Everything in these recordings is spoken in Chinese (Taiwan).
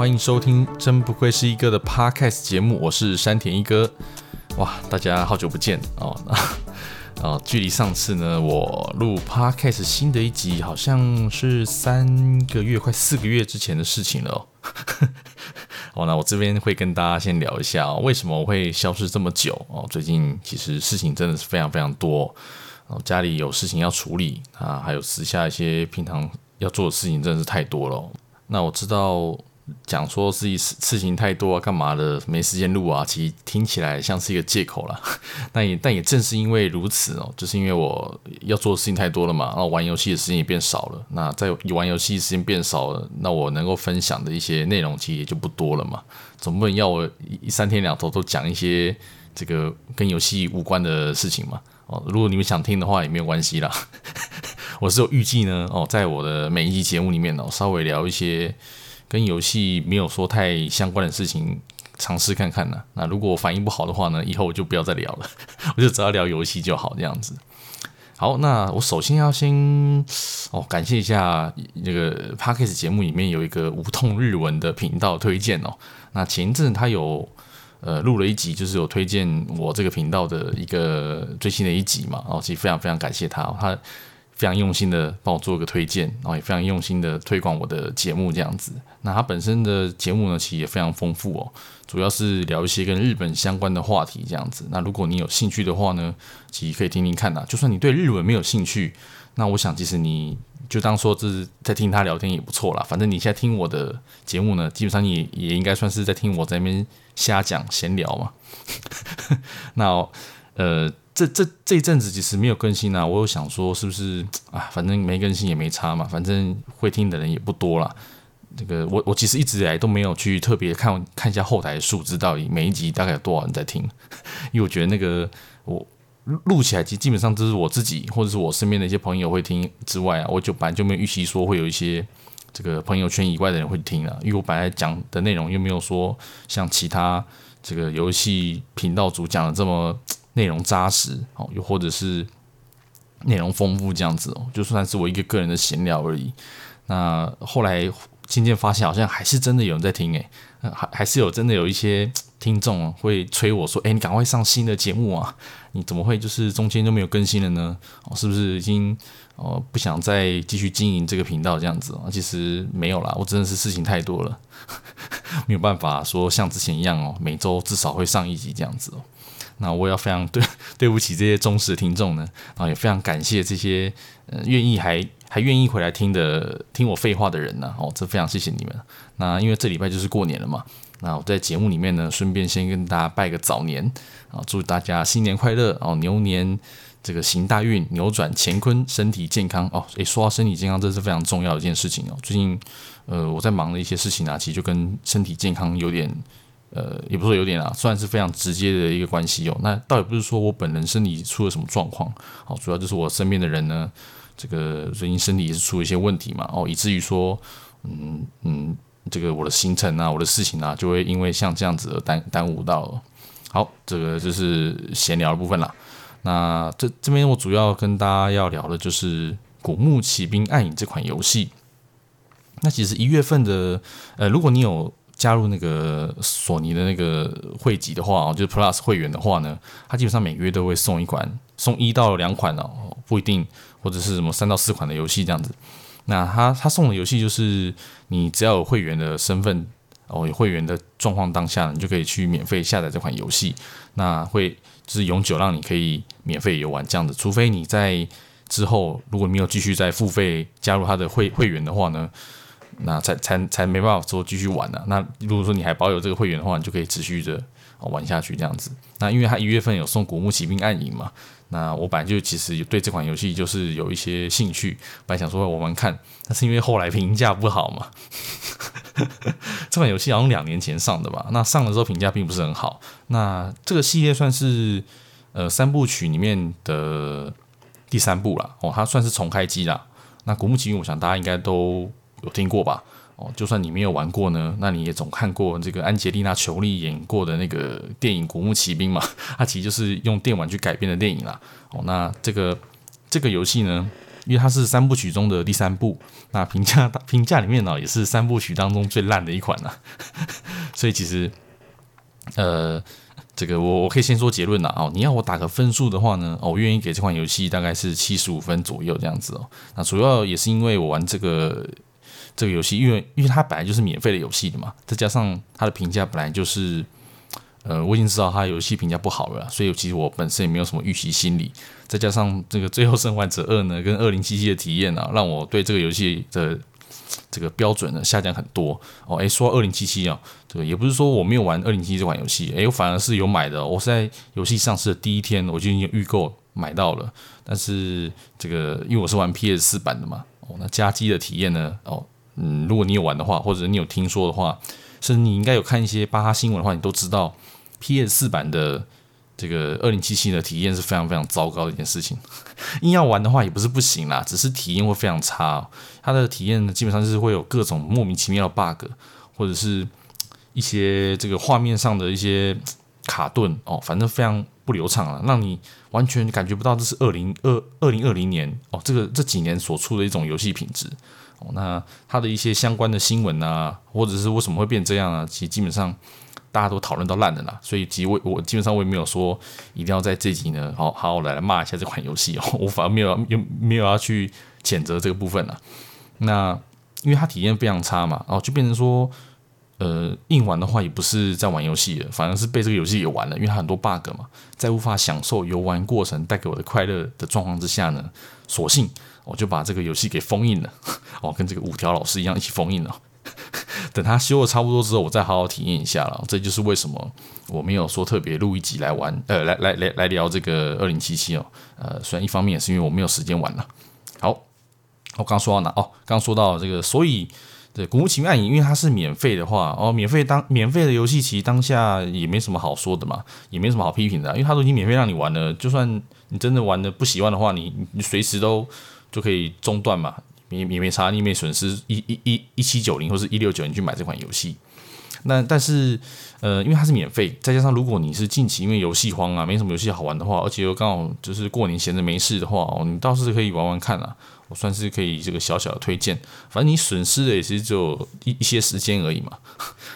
歡迎收聽真不愧是一哥的 Podcast 節目，我是山田一哥。哇，大家好久不見哦！啊，距離上次呢，我錄 Podcast 新的一集，好像是三個月快四個月之前的事情了哦。哦， 那我這邊會跟大家先聊一下，哦，為什麼我會消失這麼久？哦，最近其實事情真的是非常非常多，哦，家裡有事情要處理啊，還有私下一些平常要做的事情，真的是太多了，哦。那我知道。講說自己事情太多啊，幹嘛的沒時間錄啊，其實聽起來像是一個借口了但也但也正是因為如此哦，就是因為我要做的事情太多了嘛，然後玩遊戲的時間也變少了。那在玩遊戲的時間變少了，那我能夠分享的一些內容其實也就不多了嘛。總不能要我一三天兩頭都講一些這個跟遊戲無關的事情嘛。哦，如果你們想聽的話，也沒有關係啦，呵呵。我是有預計呢，哦，在我的每一期節目裡面哦，稍微聊一些。跟遊戲沒有說太相關的事情，嘗試看看呢、啊。那如果反應不好的話呢，以後我就不要再聊了， 我就只要聊遊戲就好這樣子。好，那我首先要先哦，感謝一下那個 Podcast 節目裡面有一個無痛日文的頻道推薦哦。那前陣他有呃錄了一集，就是有推薦我這個頻道的一個最新的一集嘛，然、哦、後其實非常非常感謝他、哦、他。非常用心的幫我做個推薦，然後也非常用心的推廣我的節目這樣子。那他本身的節目呢，其實也非常豐富哦，主要是聊一些跟日本相關的話題這樣子。那如果你有興趣的話呢，其實可以聽聽看吶。就算你對日文沒有興趣，那我想，其實你就當說這是在聽他聊天也不錯啦。反正你現在聽我的節目呢，基本上你也也應該算是在聽我在那邊瞎講閒聊嘛。 那、哦、呃。這這這一陣子其實沒有更新啦、啊，我有想說是不是啊，反正沒更新也沒差嘛，反正會聽的人也不多啦。那、這個我我其實一直以來都沒有去特別看看一下後台的數字，到底每一集大概有多少人在聽，因為我覺得那個我錄起來其實基本上都是我自己或者是我身邊的一些朋友會聽之外啊，我就本來就沒有預期說會有一些這個朋友圈以外的人會聽了、啊，因為我本來講的內容又沒有說像其他這個遊戲頻道主講的這麼。內容扎實哦，又或者是內容豐富這樣子哦，就算是我一個個人的閒聊而已。那後來漸漸發現，好像還是真的有人在聽誒、欸，還還是有真的有一些聽眾會催我說：“誒、欸，你趕快上新的節目啊！你怎麼會就是中間都沒有更新了呢？哦，是不是已經哦不想再繼續經營這個頻道這樣子哦？其實沒有啦，我真的是事情太多了， 沒有辦法說像之前一樣哦，每周至少會上一集這樣子哦。”那我也要非常對對不起這些忠實的聽眾呢，啊，也非常感謝這些、呃、願意還還願意回來聽的聽我廢話的人呢、啊，哦，這非常謝謝你們。那因為這禮拜就是過年了嘛，那我在節目裡面呢，順便先跟大家拜個早年啊，祝大家新年快樂哦，牛年這個行大運，扭轉乾坤，身體健康哦。誒，說到身體健康，這是非常重要的一件事情哦。最近呃，我在忙的一些事情啊，其實就跟身體健康有點。呃，也不是說有點啊，算是非常直接的一個關係哦。那倒也不是說我本人身體出了什麼狀況，好，主要就是我身邊的人呢，這個最近身體也是出了一些問題嘛，哦，以至於說，嗯嗯，這個我的行程啊，我的事情啊，就會因為像這樣子而耽耽誤到。好，這個就是閒聊的部分了。那這這邊我主要跟大家要聊的就是《古墓奇兵：暗影》這款遊戲。那其實一月份的，呃，如果你有。加入那個索尼的那個會籍的話哦，就是 Plus 會員的話呢，他基本上每個月都會送一款，送一到兩款哦，不一定或者是什麼三到四款的遊戲這樣子。那他他送的遊戲就是你只要有會員的身份哦，有會員的狀況當下，你就可以去免費下載這款遊戲，那會就是永久讓你可以免費遊玩這樣子，除非你在之後如果沒有繼續再付費加入他的會會員的話呢。那才才才沒辦法說繼續玩了啊。那如果說你還保有這個會員的話，你就可以持續着玩下去這樣子。那因為它一月份有送《古墓奇兵：暗影》嘛，那我本來就其實也對這款遊戲就是有一些興趣，本來想說玩玩看，但是因為後來評價不好嘛， 這款遊戲好像兩年前上的吧。那上了之後評價並不是很好。那這個系列算是呃三部曲裡面的第三部了哦，它算是重開機了。那《古墓奇兵》我想大家應該都有聽過吧？哦，就算你沒有玩過呢，那你也總看過這個安吉麗娜·裘莉演過的那個電影《古墓奇兵》嘛？它其實就是用電玩去改編的電影啦。哦，那這個這個遊戲呢，因為它是三部曲中的第三部，那評價評價裡面呢、哦，也是三部曲當中最爛的一款了。 所以其實，呃，這個我我可以先說結論了啊。你要我打個分數的話呢，哦、我願意給這款遊戲大概是七十五分左右這樣子哦。那主要也是因為我玩這個。這個遊戲，因為因為它本來就是免費的遊戲的嘛，再加上它的評價本來就是，呃，我已經知道它的遊戲評價不好了，所以其實我本身也沒有什麼預期心理。再加上這個《最後生還者二》呢，跟《二零七七》的體驗呢，啊，讓我對這個遊戲的這個標準呢下降很多。哦，哎，說到《二零七七》啊，這個也不是說我沒有玩《二零七七》這款遊戲，哎，我反而是有買的，哦。我是在遊戲上市的第一天，我就已經預購買到了。但是這個因為我是玩 PS 四版的嘛，哦，那加機的體驗呢，哦。嗯，如果你有玩的話，或者你有聽說的話，甚至你應該有看一些巴哈新聞的話，你都知道，PS 四版的這個二零七七的體驗是非常非常糟糕的一件事情。 硬要玩的話也不是不行啦，只是體驗會非常差、哦。它的體驗呢，基本上就是會有各種莫名其妙的 bug，或者是一些這個畫面上的一些卡頓哦，反正非常不流暢了，讓你完全感覺不到這是二零二二零二零年哦，這個這幾年所出的一種遊戲品質。那它的一些相關的新聞啊，或者是為什麼會變這樣啊，其實基本上大家都討論到爛的啦。所以其實我，我基本上我也沒有說一定要在這集呢，哦，好好來來罵一下這款遊戲哦，我反而沒有要也沒有要去譴責這個部分了，啊。那因為它體驗非常差嘛，然後、哦、就變成說，呃，硬玩的話也不是在玩遊戲，反正是被這個遊戲也玩了，因為它很多 bug 嘛，在無法享受遊玩過程帶給我的快樂的狀況之下呢，索性。我就把這個遊戲給封印了，哦，跟這個五條老師一樣一起封印了，哦。 等他修了差不多之後，我再好好體驗一下了。這就是為什麼我沒有說特別錄一集來玩，呃，來來來來聊這個二零七七哦。呃，雖然一方面也是因為我沒有時間玩了。好，我剛說到哪？哦，剛說到這個，所以對《古墓奇兵暗影》，因為它是免費的話，哦，免費當免費的遊戲，其實當下也沒什麼好說的嘛，也沒什麼好批評的，因為它都已經免費讓你玩了。就算你真的玩的不習慣的話，你你隨時都。就可以中斷嘛，也也沒差，你沒損失一一一一七九零或是一六九零去買這款遊戲。那但是呃，因為它是免費，再加上如果你是近期因為遊戲荒啊，沒什麼遊戲好玩的話，而且又剛好就是過年閒着沒事的話哦，你倒是可以玩玩看啊。我算是可以這個小小的推薦，反正你損失的也是就一一些時間而已嘛。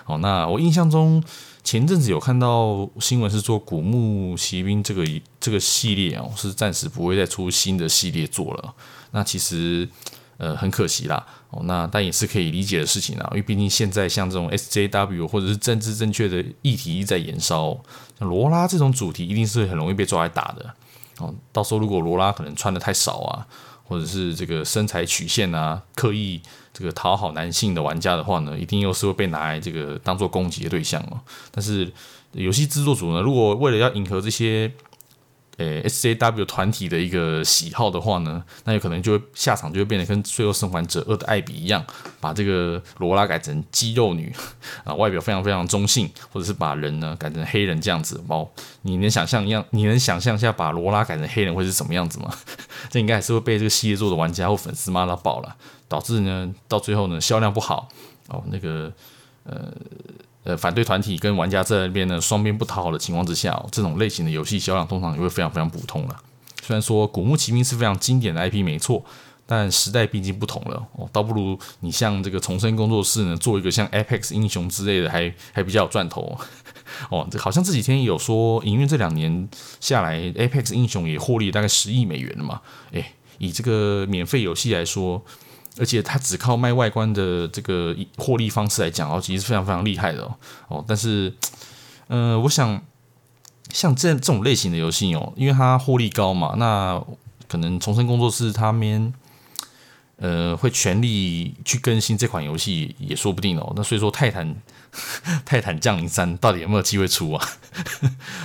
哦，那我印象中前陣子有看到新聞是做《古墓奇兵》這個這個系列哦，是暫時不會再出新的系列做了。那其實，呃，很可惜啦。哦，那但也是可以理解的事情啦，因為畢竟現在像這種 SJW 或者是政治正確的議題在延燒，哦，像羅拉這種主題一定是很容易被抓來打的。哦，到時候如果羅拉可能穿得太少啊，或者是這個身材曲線啊，刻意這個討好男性的玩家的話呢，一定又是會被拿來這個當做攻擊的對象哦，但是遊戲制作組呢，如果為了要迎合這些，呃、欸、，S J W 團體的一個喜好的話呢，那有可能就會下場就會變得跟《最後生還者二》的艾比一樣，把這個羅拉改成肌肉女啊，外表非常非常中性，或者是把人呢改成黑人這樣子的貓、哦。你能想象一樣？你能想象一下把羅拉改成黑人會是什麼樣子嗎？ 這應該還是會被這個系列作的玩家或粉絲罵到爆了，導致呢到最後呢銷量不好哦。那個呃。呃，反對團體跟玩家這邊呢，雙邊不討好的情況之下、哦，這種類型的遊戲銷量通常也會非常非常普通了。雖然說《古墓奇兵》是非常經典的 IP 沒錯，但時代畢竟不同了、哦，倒不如你像這個重生工作室呢，做一個像《Apex 英雄》之類的，還還比較有賺頭。哦，好像這幾天有說，營運這兩年下來，《Apex 英雄》也獲利大概十億美元了嘛？哎、欸，以這個免費遊戲來說。而且它只靠賣外觀的這個獲利方式來講哦，其實是非常非常厲害的哦。哦，但是，呃，我想像這這種類型的遊戲哦，因為它獲利高嘛，那可能重生工作室他們呃會全力去更新這款遊戲也說不定哦。那所以說泰，泰坦泰坦降臨三到底有沒有機會出啊？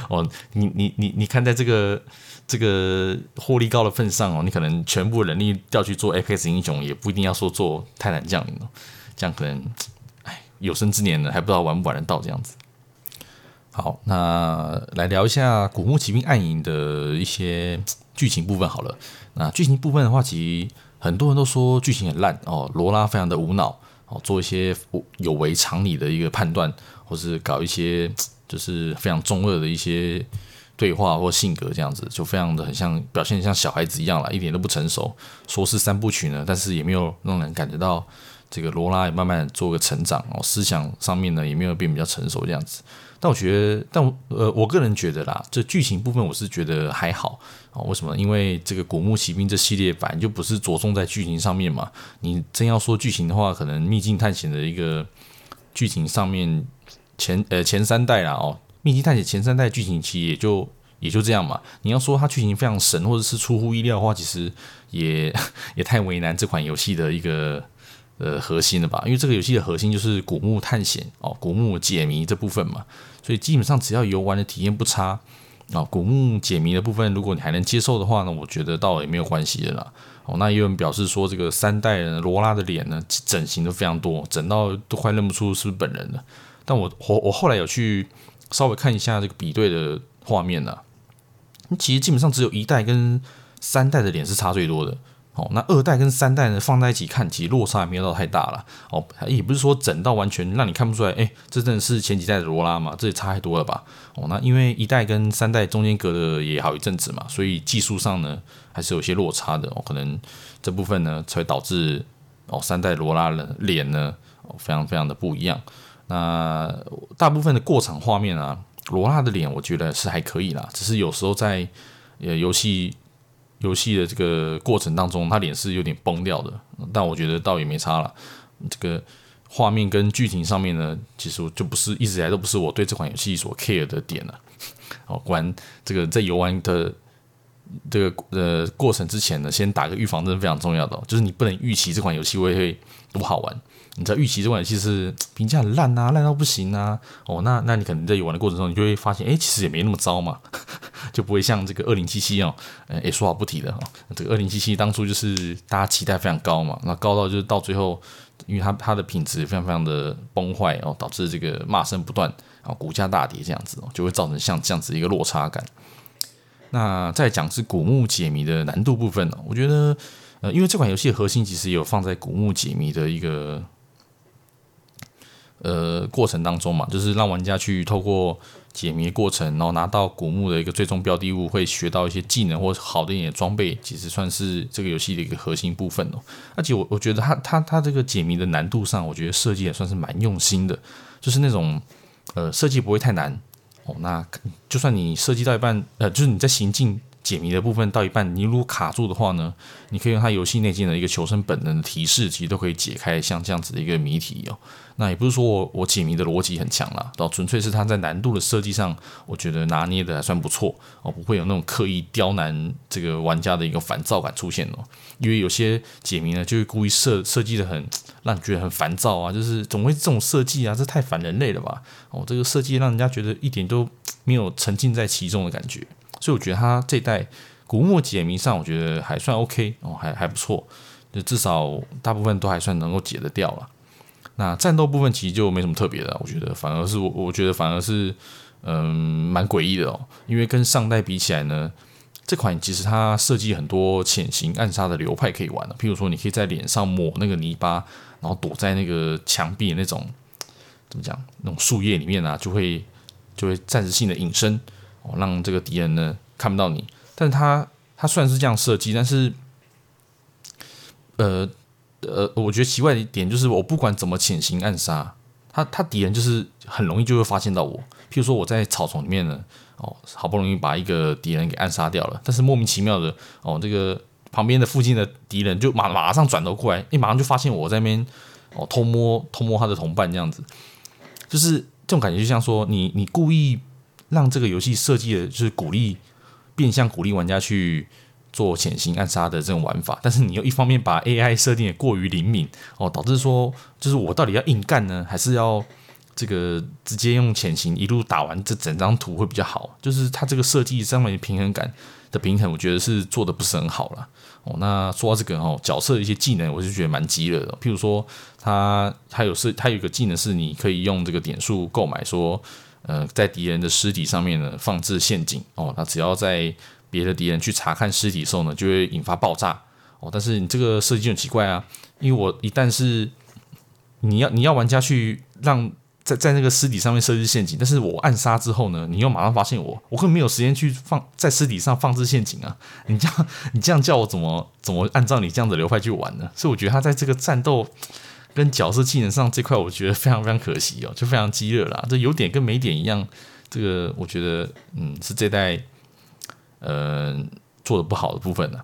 哦，你你你你看，在這個。這個獲利高的份上哦，你可能全部人力調去做 Apex 英雄，也不一定要說做泰坦降臨哦。這樣可能，哎，有生之年呢，還不知道玩不玩得到這樣子。好，那來聊一下《古墓奇兵：暗影》的一些劇情部分好了。那劇情部分的話，其實很多人都說劇情很爛哦，羅拉非常的無腦哦，做一些有違常理的一個判斷，或是搞一些就是非常中二的一些。對話或性格這樣子就非常的很像表現像小孩子一樣啦，一點都不成熟。說是三部曲呢，但是也沒有讓人感覺到這個羅拉也慢慢做個成長哦，思想上面呢也沒有變比較成熟這樣子。但我覺得，但呃，我個人覺得啦，這劇情部分我是覺得還好啊、哦。為什麼？因為這個古墓奇兵這系列反正就不是着重在劇情上面嘛。你真要說劇情的話，可能秘境探險的一個劇情上面前呃前三代啦。哦。《秘境探險》前三代劇情其實也就也就這樣嘛。你要說它劇情非常神或者是出乎意料的話，其實也也太為難這款遊戲的一個呃核心了吧？因為這個遊戲的核心就是古墓探險哦，古墓解謎這部分嘛。所以基本上只要遊玩的體驗不差啊，哦，古墓解謎的部分，如果你還能接受的話呢，我覺得倒也沒有關係的啦。哦，那有人表示說這個三代人羅拉的臉呢，整形都非常多，整到都快認不出是不是本人了。但我我我後來有去。稍微看一下這個比對的畫面呢，其實基本上只有一代跟三代的臉是差最多的。哦，那二代跟三代呢，放在一起看，其實落差也沒有到太大了。哦，也不是說整到完全讓你看不出來，哎，這真的是前幾代的羅拉嘛？這也差太多了吧？哦，那因為一代跟三代中間隔的也好一陣子嘛，所以技術上呢還是有些落差的。哦，可能這部分呢才導致哦，三代羅拉的臉呢非常非常的不一樣。那大部分的過場畫面啊，羅拉的臉我覺得是還可以啦，只是有時候在呃遊戲遊戲的這個過程當中，他臉是有點崩掉的，但我覺得倒也沒差了。這個畫面跟劇情上面呢，其實就不是一直以來都不是我對這款遊戲所 care 的點了。哦，果然這個在遊玩的這個呃過程之前呢，先打個預防針，真的非常重要的，哦，就是你不能預期這款遊戲會會不好玩。你知道預期這款遊戲是評價很爛啊，爛到不行啊！哦，那那你可能在遊玩的過程中，你就會發現，哎、欸，其實也沒那麼糟嘛，呵呵就不會像這個二零七七哦，誒、欸、也說好不提的、哦。這個二零七七當初就是大家期待非常高嘛，那高到就是到最後，因為它它的品質非常非常的崩壞哦，導致這個罵聲不斷，股、哦、價大跌這樣子哦，就會造成像這樣子一個落差感。那再講是古墓解謎的難度部分哦，我覺得呃，因為這款遊戲的核心其實也有放在古墓解謎的一個。呃，過程當中嘛，就是讓玩家去透過解謎過程，哦，然後拿到古墓的一個最終標的物，會學到一些技能或好的一點裝備，其實算是這個遊戲的一個核心部分哦。而且我我覺得他他他這個解謎的難度上，我覺得設計也算是蠻用心的，就是那種呃設計不會太難哦。那就算你設計到一半，呃，就是你在行進。解謎的部分到一半，你如果卡住的話呢，你可以用它遊戲內建的一個求生本能的提示，其實都可以解開像這樣子的一個謎題哦。那也不是說我我解謎的邏輯很強啦，到純粹是它在難度的設計上，我覺得拿捏的還算不錯哦，不會有那種刻意刁難這個玩家的一個煩躁感出現哦。因為有些解謎呢，就會故意設設計的很讓你覺得很煩躁啊，就是總會這種設計啊，這太反人類了吧？哦，這個設計讓人家覺得一點都沒有沉浸在其中的感覺。所以我覺得它這代古墓解謎上，我覺得還算 OK 哦，還還不錯。就至少大部分都還算能夠解得掉了。那戰鬥部分其實就沒什麼特別的，我覺得反而是我我覺得反而是嗯、呃、蠻詭異的哦，因為跟上代比起來呢，這款其實它設計很多潛行暗殺的流派可以玩的，哦，譬如說你可以在臉上抹那個泥巴，然後躲在那個牆壁那種怎麼講那種樹葉裡面啊，就會就會暫時性的隱身。讓這個敵人呢看不到你，但是他他雖然是這樣設計，但是，呃呃，我覺得奇怪的一點就是，我不管怎麼潛行暗殺，他他敵人就是很容易就會發現到我。譬如說我在草叢裡面呢，哦，好不容易把一個敵人給暗殺掉了，但是莫名其妙的，哦，這個旁邊的附近的敵人就馬馬上轉頭過來，一、欸、馬上就發現我在那邊哦偷摸偷摸他的同伴這樣子，就是這種感覺，就像說你你故意。讓這個遊戲設計的就是鼓勵變相鼓勵玩家去做潛行暗殺的這種玩法，但是你又一方面把 AI 設定的過於靈敏哦，導致說就是我到底要硬幹呢，還是要這個直接用潛行一路打完這整張圖會比較好？就是它這個設計上面平衡感的平衡，我覺得是做的不是很好了哦。那說到這個哦，角色一些技能，我就覺得蠻雞肋的、哦。譬如說它，它它有是，它有一個技能是你可以用這個點數購買說。呃，在敵人的屍體上面呢，放置陷阱哦，那只要在別的敵人去查看屍體的時候呢，就會引發爆炸哦。但是你這個設計就很奇怪啊，因為我一旦是你要，你要玩家去讓在在那個屍體上面設置陷阱，但是我暗殺之後呢，你又馬上發現我，我根本沒有時間去放在屍體上放置陷阱啊。你這樣，你這樣叫我怎麼怎麼按照你這樣的流派去玩呢？所以我覺得他在這個戰鬥，跟角色技能上這塊，我覺得非常非常可惜哦，就非常雞肋啦，這有點跟沒點一樣。這個我覺得，嗯，是這代呃做的不好的部分了。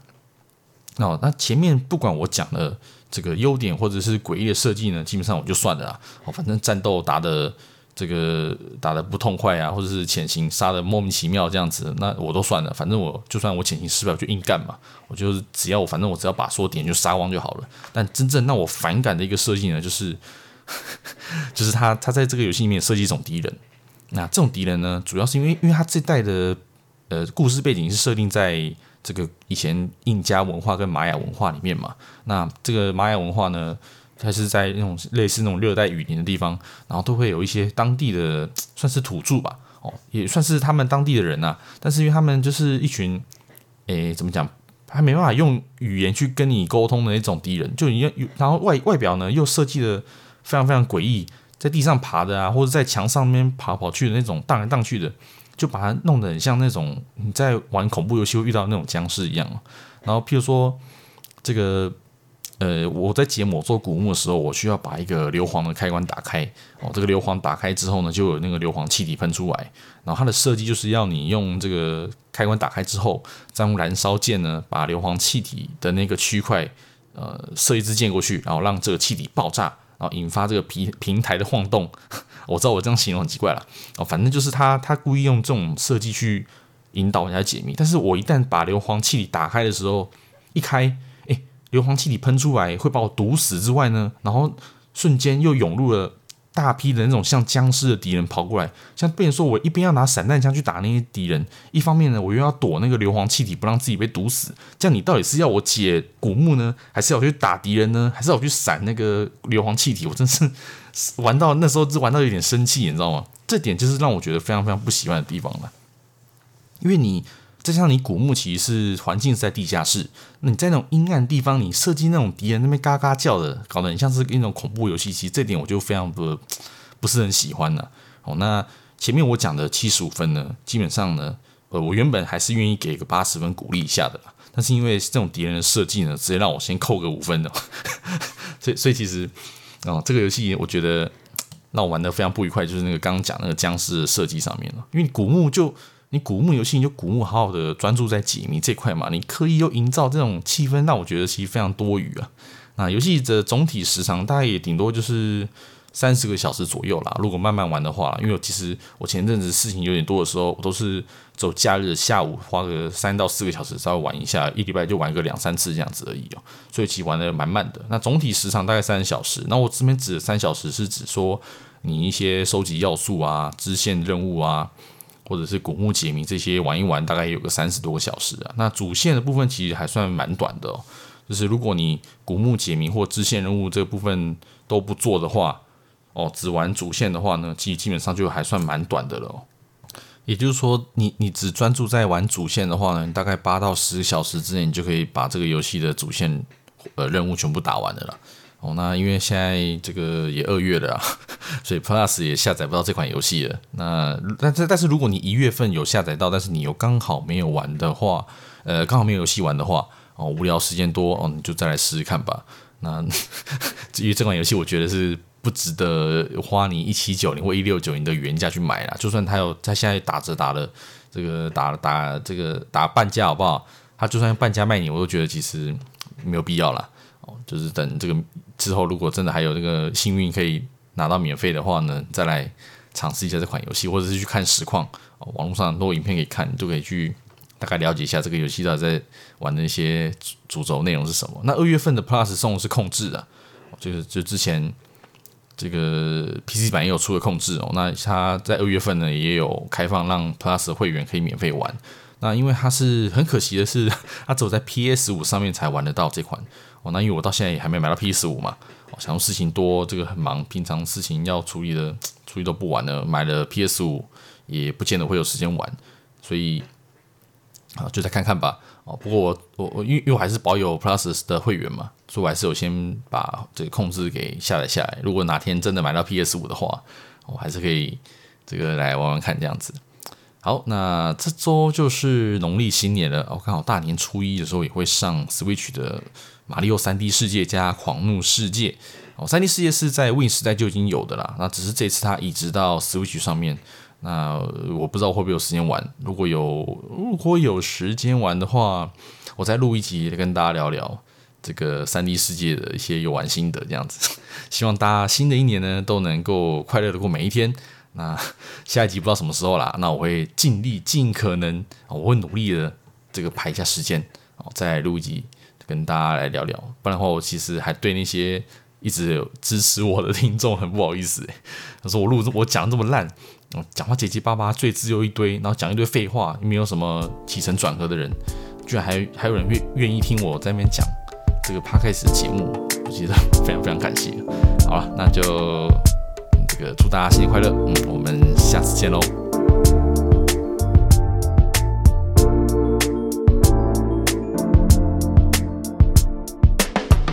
哦，那前面不管我講的這個優點或者是詭異的設計呢，基本上我就算了啊、哦，反正戰鬥打的。這個打得不痛快啊，或者是潛行殺得莫名其妙這樣子，那我都算了，反正我就算我潛行失敗我就硬幹嘛，我就只要反正我只要把所有點就殺光就好了。但真正讓我反感的一個設計呢，就是就是他他在這個遊戲裡面設計一種敵人，那這種敵人呢，主要是因為因為他這代的呃故事背景是設定在這個以前印加文化跟瑪雅文化裡面嘛，那這個瑪雅文化呢。還是在那種類似那種熱帶雨林的地方，然後都會有一些當地的，算是土著吧，哦，也算是他們當地的人吶、啊。但是因為他們就是一群，誒，怎麼講，還沒辦法用語言去跟你溝通的那種敵人，就你要，然後外外表呢又設計的非常非常詭異，在地上爬的啊，或者在牆上面爬跑去的那種蕩來蕩去的，就把它弄得很像那種你在玩恐怖遊戲會遇到那種殭屍一樣。然後譬如說這個。呃，我在解某座古墓的時候，我需要把一個硫磺的開關打開。哦，這個硫磺打開之後呢，就有那個硫磺氣體噴出來。然後它的設計就是要你用這個開關打開之後，再用燃燒箭呢，把硫磺氣體的那個區塊，呃，射一支箭過去，然後讓這個氣體爆炸，然後引發這個平平台的晃動。我知道我這樣形容很奇怪啦，哦，反正就是他他故意用這種設計去引導人家解謎。但是我一旦把硫磺氣體打開的時候，一開。硫磺氣體噴出來會把我毒死之外呢，然後瞬間又湧入了大批的那種像僵屍的敵人跑過來，像變成說我一邊要拿散彈槍去打那些敵人，一方面呢，我又要躲那個硫磺氣體，不讓自己被毒死。這樣你到底是要我解古墓呢，還是要我去打敵人呢，還是要我去閃那個硫磺氣體？我真是玩到那時候玩到有點生氣，你知道嗎？這點就是讓我覺得非常非常不喜歡的地方了，因為你。就像你古墓其實環境是在地下室，那你在那種陰暗地方，你設計那種敵人那邊嘎嘎叫的，搞得很像是一種恐怖遊戲。其實這點我就非常的不，不是很喜歡了。哦，那前面我講的七十五分呢，基本上呢，呃，我原本還是願意給個八十分鼓勵一下的，但是因為這種敵人的設計呢，直接讓我先扣個五分的， 所以所以其實啊，哦，這個遊戲我覺得讓我玩得非常不愉快，就是那個剛剛講那個僵屍的設計上面了，因為古墓就。你古墓遊戲就古墓，好好的專注在解謎這塊嘛，你刻意又營造這種氣氛，那我覺得其實非常多餘啊。那遊戲的總體時長大概也頂多就是三十個小時左右啦。如果慢慢玩的話，因為我其實我前陣子事情有點多的時候，我都是走假日下午花個三到四個小時稍微玩一下，一禮拜就玩個兩三次這樣子而已哦。所以其實玩的蠻慢的。那總體時長大概三小時，那我這邊指的三小時是指說你一些收集要素啊、支線任務啊。或者是古墓解謎這些玩一玩，大概有個三十多個小時啊。那主線的部分其實還算蠻短的哦，就是如果你古墓解謎或支線任務這個部分都不做的話，哦，只玩主線的話呢，其實基本上就還算蠻短的了哦。也就是說你，你你只專注在玩主線的話呢，大概八到十小時之內，你就可以把這個遊戲的主線呃任務全部打完的了啦。哦，那因為現在這個也二月了，所以 Plus 也下載不到這款遊戲了。那，但是但是如果你一月份有下載到，但是你又剛好沒有玩的話，呃，剛好沒有遊戲玩的話，哦，無聊時間多，哦，你就再來試試看吧。那至於這款遊戲，我覺得是不值得花你一七九零或一六九零的原價去買了。就算他有他現在打折打了，這個打打這個打半價好不好？他就算半價賣你，我都覺得其實沒有必要啦。哦，就是等這個。之後，如果真的還有這個幸運可以拿到免費的話呢，再來嘗試一下這款遊戲，或者是去看實況，網絡上很多影片可以看，都可以去大概了解一下這個遊戲到底在玩的一些主軸內容是什麼。那二月份的 Plus 送的是控制的，就是就之前這個 PC 版也有出的控制哦。那它在二月份呢也有開放讓 Plus 的會員可以免費玩。那因為它是很可惜的是，它走在 PS 五上面才玩得到這款。哦，那因為我到現在也還沒買到 PS 五嘛，哦，想事情多，這個很忙，平常事情要處理的，處理都不完了，買了 PS 五也不見得會有時間玩，所以啊、哦，就再看看吧。哦，不過我我我因為因為我還是保有 Plus 的會員嘛，所以我還是有先把這個控制給下載下來。如果哪天真的買到 PS 五的話，我、哦、還是可以這個來玩玩看這樣子。好，那這周就是農曆新年了。我、哦、剛好大年初一的時候也會上 Switch 的《馬里奧 3D 世界》加《狂怒世界》哦，《3D 世界》是在 Win 時代就已經有的啦。那只是這次它移植到 Switch 上面。那我不知道會不會有時間玩。如果有如果有時間玩的話，我再錄一集跟大家聊聊這個《3D 世界》的一些遊玩心得這樣子。希望大家新的一年呢都能夠快樂的過每一天。那下一集不知道什麼時候啦，那我會盡力盡可能，我會努力的這個排一下時間，哦，再錄一集跟大家來聊聊。不然的話，我其實還對那些一直支持我的聽眾很不好意思、欸。他、就是、說我錄我講這麼爛，講話結結巴巴，贅字又一堆，然後講一堆廢話，又沒有什麼起承轉合的人，居然還有還有人願願意聽我在那邊講這個 Podcast 的節目，我覺得非常非常感謝。好了，那就。祝大家新年快樂！嗯，我們下次見嘍。